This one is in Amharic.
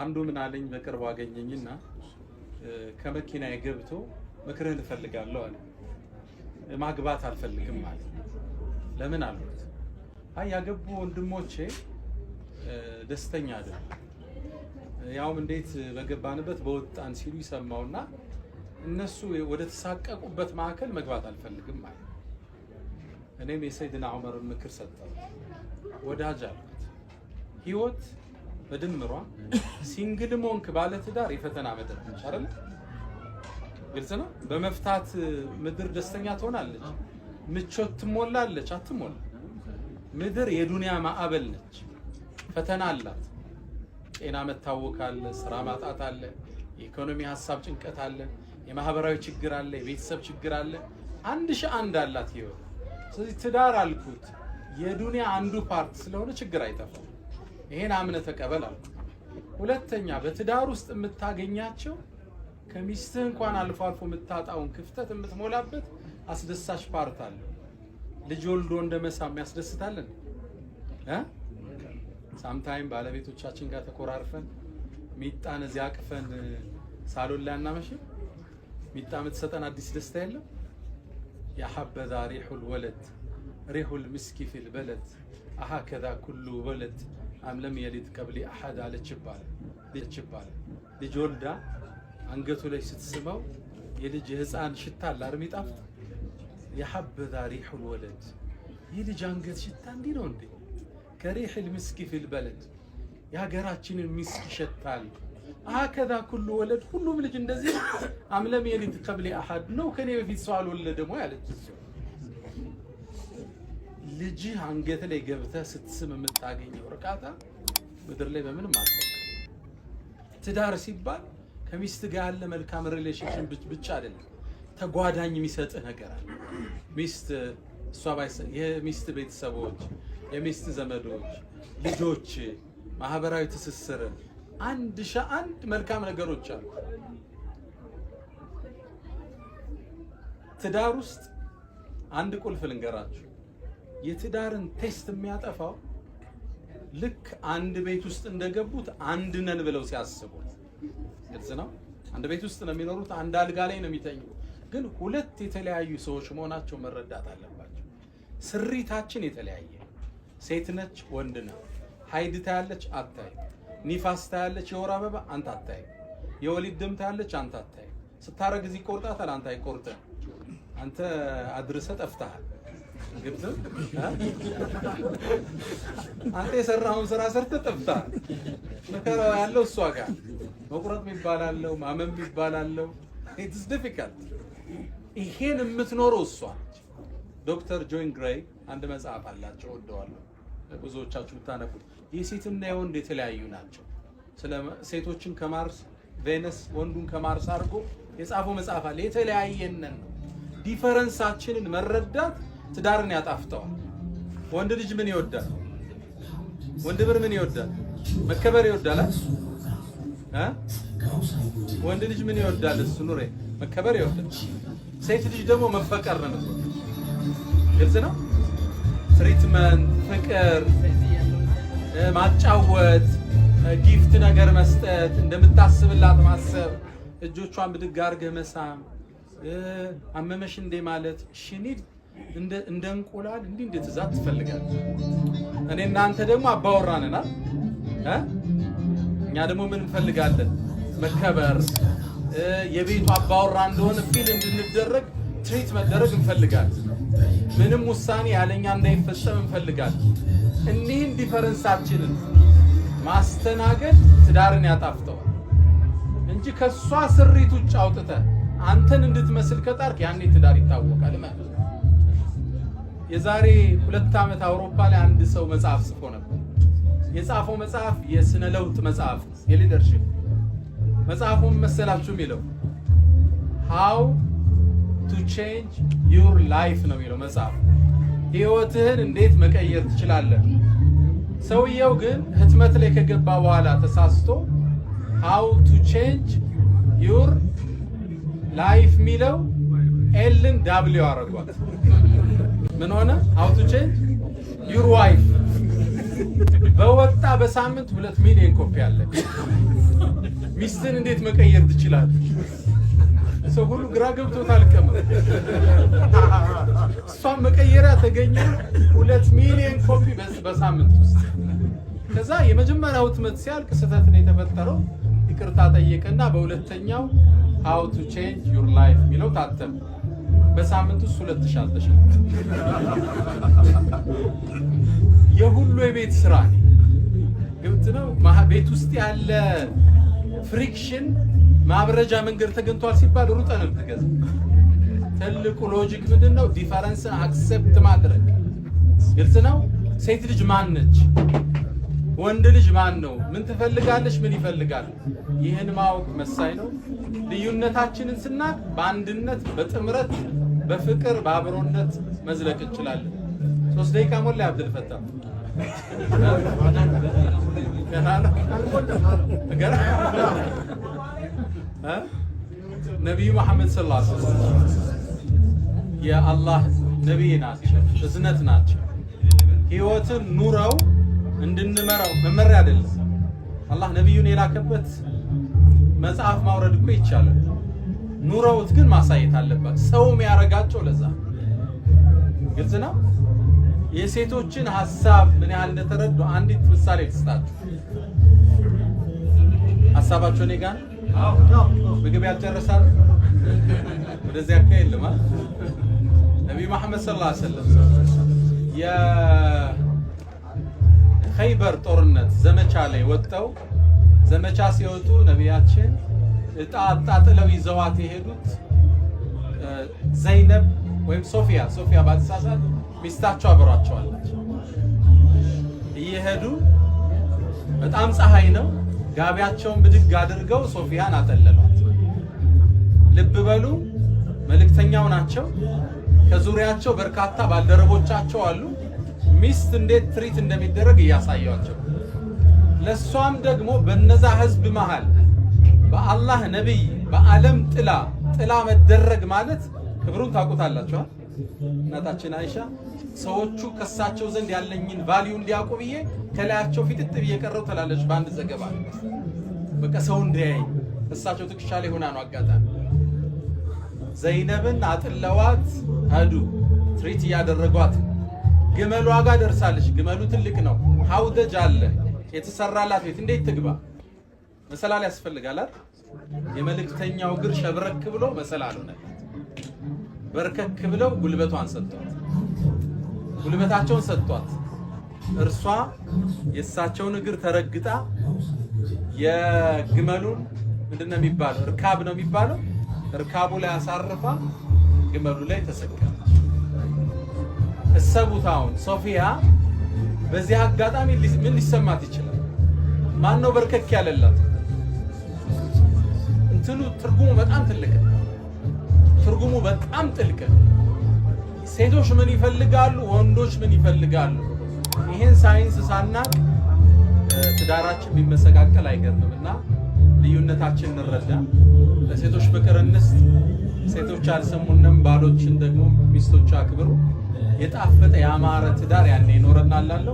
አንዱ ምን አለኝ፣ በቅርቡ አገኘኝና ከመኪና ገብቶ ምክርህን እፈልጋለሁ አለ። ማግባት አልፈልግም አለ። ለምን አልኩት። አይ ያገቡ ወንድሞቼ ደስተኛ አይደል፣ ያውም እንዴት በገባንበት በወጣን ሲሉ ይሰማውና እነሱ ወደ ተሳቀቁበት ማዕከል መግባት አልፈልግም አለ። እኔም የሰይድና ዑመርን ምክር ሰጠው። ወዳጅ አልኩት ህይወት በድምሯ ሲንግል ሞንክ ባለትዳር የፈተና ምድር ነች አይደል? ግልጽ ነው። በመፍታት ምድር ደስተኛ ትሆናለች? ምቾት ትሞላለች? አትሞላ። ምድር የዱንያ ማዕበል ነች። ፈተና አላት። ጤና መታወክ አለ፣ ስራ ማጣት አለ፣ የኢኮኖሚ ሀሳብ ጭንቀት አለ፣ የማህበራዊ ችግር አለ፣ የቤተሰብ ችግር አለ። አንድ ሺህ አንድ አላት ህይወት። ስለዚህ ትዳር አልኩት የዱንያ አንዱ ፓርት ስለሆነ ችግር አይጠፋም። ይሄን አምነ ተቀበል አልኩ። ሁለተኛ በትዳር ውስጥ የምታገኛቸው ከሚስትህ እንኳን አልፎ አልፎ የምታጣውን ክፍተት የምትሞላበት አስደሳች ፓርት አለ። ልጅ ወልዶ እንደመሳም ያስደስታለን ሳምታይም ባለቤቶቻችን ጋር ተኮራርፈን ሚጣን እዚያ አቅፈን ሳሎን ላይ አናመሽም። ሚጣ የምትሰጠን አዲስ ደስታ የለም። ያሐበዛ ሪሑል ወለድ ሪሑል ምስኪ ፊል በለት አሃከዛ ኩሉ በለት አምለም የሊት ቀብሊ አሐድ አለች ይባላል። ልጅ ወልዳ አንገቱ ላይ ስትስመው የልጅ የህፃን ሽታ አለ የሚጣፍጥ የሐበዛ ሪሑል ወለድ የልጅ አንገት ሽታ እንዲህ ነው እንዴ? ከሪሕል ምስኪ ፊል በለድ የሀገራችንን ሚስክ ይሸታል። አከዛ ኩሉ ወለድ ሁሉም ልጅ እንደዚህ አምለም የሊድ ቀብሊ አሐድ ነው ከኔ በፊት ሰው አልወለደም ወይ አለች ልጅህ አንገት ላይ ገብተህ ስትስም የምታገኘው እርካታ ምድር ላይ በምንም አለ። ትዳር ሲባል ከሚስት ጋር ያለ መልካም ሪሌሽንሽን ብቻ አይደለም፣ ተጓዳኝ የሚሰጥህ ነገር አለ። ሚስት እሷ የሚስት ቤተሰቦች፣ የሚስት ዘመዶች፣ ልጆች፣ ማህበራዊ ትስስር አንድ ሺ አንድ መልካም ነገሮች አሉ። ትዳር ውስጥ አንድ ቁልፍ ልንገራችሁ። የትዳርን ቴስት የሚያጠፋው ልክ አንድ ቤት ውስጥ እንደገቡት አንድ ነን ብለው ሲያስቡት፣ ግልጽ ነው። አንድ ቤት ውስጥ ነው የሚኖሩት፣ አንድ አልጋ ላይ ነው የሚተኙ። ግን ሁለት የተለያዩ ሰዎች መሆናቸው መረዳት አለባቸው። ስሪታችን የተለያየ፣ ሴት ነች፣ ወንድ ነው። ሀይድ ታያለች፣ አታይ። ኒፋስ ታያለች፣ የወር አበባ አንተ አታይ። የወሊድ ደም ታያለች፣ አንተ አታይ። ስታረግዝ ይቆርጣታል፣ አንተ አይቆርጥም። አንተ አድርሰ ጠፍተሃል። አንተ የሰራኸውን ስራ ሰርተህ ጠፍታ መከራው ያለው እሷ ጋር መቁረጥ የሚባላለው ማመም የሚባላለው ኢትስ ዲፊካልት። ይሄን የምትኖረው እሷ። ዶክተር ጆን ግራይ አንድ መጽሐፍ አላቸው ወደዋለሁ፣ ብዙዎቻችሁ ብታነቡት። የሴትና የወንድ የተለያዩ ናቸው። ስለ ሴቶችን ከማርስ ቬነስ ወንዱን ከማርስ አድርጎ የጻፈው መጽሐፍ አለ። የተለያየነን ነው ዲፈረንሳችንን መረዳት ትዳርን ያጣፍጠዋል። ወንድ ልጅ ምን ይወዳል? ወንድ ብር ምን ይወዳል? መከበር ይወዳል። ወንድ ልጅ ምን ይወዳል? እሱ ኑሬ መከበር ይወዳል። ሴት ልጅ ደግሞ መፈቀር ነው። ግልጽ ነው። ትሪትመንት፣ ፍቅር፣ ማጫወት፣ ጊፍት ነገር መስጠት፣ እንደምታስብላት ማሰብ፣ እጆቿን ብድግ አድርገህ መሳም፣ አመመሽ እንዴ ማለት ሽኒድ እንደ እንቁላል እንዲህ እንደ ትዛት ትፈልጋለህ። እኔ እናንተ ደግሞ አባወራንና እኛ ደግሞ ምን እንፈልጋለን? መከበር የቤቱ አባወራ እንደሆነ ፊል እንድንደረግ ትሪት መደረግ እንፈልጋለን። ምንም ውሳኔ ያለኛ እንዳይፈጸም እንፈልጋለን። እኒህን ዲፈረንሳችንን ማስተናገድ ትዳርን ያጣፍጠዋል እንጂ ከሷ ስሪት ውጭ አውጥተህ አንተን እንድትመስል ከጣርክ ያኔ ትዳር ይታወቃል ማለት ነው። የዛሬ ሁለት ዓመት አውሮፓ ላይ አንድ ሰው መጽሐፍ ጽፎ ነበር። የጻፈው መጽሐፍ የስነ ለውጥ መጽሐፍ የሊደርሺፕ መጽሐፉን መሰላችሁ የሚለው ሃው ቱ ቼንጅ ዩር ላይፍ ነው የሚለው መጽሐፍ ህይወትህን እንዴት መቀየር ትችላለህ። ሰውየው ግን ህትመት ላይ ከገባ በኋላ ተሳስቶ ሃው ቱ ቼንጅ ዩር ላይፍ የሚለው ኤልን ዳብሊው አረጓት። ምን ሆነ ቼንጅ ዩር ዋይፍ በወጣ በሳምንት ሁለት ሚሊዮን ኮፒ አለ። ሚስትን እንዴት መቀየር ትችላለህ? ሰው ሁሉ ግራ ገብቶት አልቀመ እሷን መቀየሪያ ተገኘ። ሁለት ሚሊዮን ኮፒ በሳምንት ውስጥ። ከዛ የመጀመሪያው ህትመት ሲያልቅ ስህተት ነው የተፈጠረው፣ ይቅርታ ጠየቀና በሁለተኛው ሃው ቱ ቼንጅ ዩር ላይፍ የሚለው ታተም በሳምንት ውስጥ ሁለት ሺህ የሁሉ የቤት ስራ ግብት ነው። ቤት ውስጥ ያለ ፍሪክሽን ማብረጃ መንገድ ተገኝቷል ሲባል ሩጠን ነው ትልቁ ሎጂክ ምንድን ነው? ዲፈረንስን አክሴፕት ማድረግ ግልጽ ነው። ሴት ልጅ ማን ነች? ወንድ ልጅ ማን ነው? ምን ትፈልጋለች? ምን ይፈልጋል? ይህን ማወቅ መሳይ ነው። ልዩነታችንን ስናቅ በአንድነት በጥምረት በፍቅር በአብሮነት መዝለቅ እንችላለን። ሶስት ደቂቃ ሞላ። አብድል ፈታ ነቢዩ መሐመድ ስላ የአላህ ነቢይ ናቸው፣ እዝነት ናቸው። ህይወትን ኑረው እንድንመራው መመሪያ አይደለም። አላህ ነቢዩን የላከበት መጽሐፍ ማውረድ እኮ ይቻላል። ኑረውት ግን ማሳየት አለባት። ሰው የሚያረጋቸው ለዛ ግልጽ ነው። የሴቶችን ሀሳብ ምን ያህል እንደተረዱ አንዲት ምሳሌ ትስጣችሁ። ሀሳባቸው እኔ ጋር ምግብ ያልጨረሳል ወደዚህ አካ ልማ ነቢ መሐመድ ሰለላሁ ዐለይሂ ወሰለም የኸይበር ጦርነት ዘመቻ ላይ ወጥተው ዘመቻ ሲወጡ ነቢያችን እጣ አጣጥለው ይዘዋት የሄዱት ዘይነብ ወይም ሶፊያ ሶፊያ ባትሳሳት ሚስታቸው አብሯቸዋለች። እየሄዱ በጣም ፀሐይ ነው። ጋቢያቸውን ብድግ አድርገው ሶፊያን አጠለሏት። ልብ በሉ መልእክተኛው ናቸው። ከዙሪያቸው በርካታ ባልደረቦቻቸው አሉ። ሚስት እንዴት ትሪት እንደሚደረግ እያሳያቸው ለእሷም ደግሞ በነዛ ህዝብ መሃል በአላህ ነቢይ በዓለም ጥላ ጥላ መደረግ ማለት ክብሩን ታውቁታላችኋል። እናታችን አይሻ ሰዎቹ ከሳቸው ዘንድ ያለኝን ቫሊዩ እንዲያውቁ ብዬ ከላያቸው ፊትት ብዬ ቀረው ትላለች በአንድ ዘገባ። በቃ ሰው እንዲያይ እሳቸው ትከሻ ላይ ሆና ነው። አጋጣሚ ዘይነብን አጥለዋት ሄዱ። ትሪት እያደረጓት ግመሏ ጋር ደርሳለች። ግመሉ ትልቅ ነው። ሀውደጅ አለ የተሰራላት ቤት እንዴት ትግባ መሰላል ያስፈልጋላል። የመልእክተኛው እግር ሸብረክ ብሎ መሰላል ሆነለት። በርከክ ብለው ጉልበቷን ሰጥቷት፣ ጉልበታቸውን ሰጥቷት፣ እርሷ የእሳቸውን እግር ተረግጣ የግመሉን ምንድን የሚባለው? እርካብ ነው የሚባለው። እርካቡ ላይ አሳርፋ ግመሉ ላይ ተሰቀለ። እሰቡታውን ሶፊያ በዚህ አጋጣሚ ምን ሊሰማት ይችላል? ማን ነው በርከክ ያለላት? ትርጉሙ በጣም ትልቅ ትርጉሙ በጣም ጥልቅ። ሴቶች ምን ይፈልጋሉ? ወንዶች ምን ይፈልጋሉ? ይሄን ሳይንስ ሳናቅ ትዳራችን ቢመሰቃቀል አይገርምም። እና ልዩነታችን እንረዳ፣ ለሴቶች ፍቅር እንስጥ። ሴቶች አልሰሙንም፣ ባሎችን ደግሞ ሚስቶች አክብሩ። የጣፈጠ ያማረ ትዳር ያኔ ይኖረናል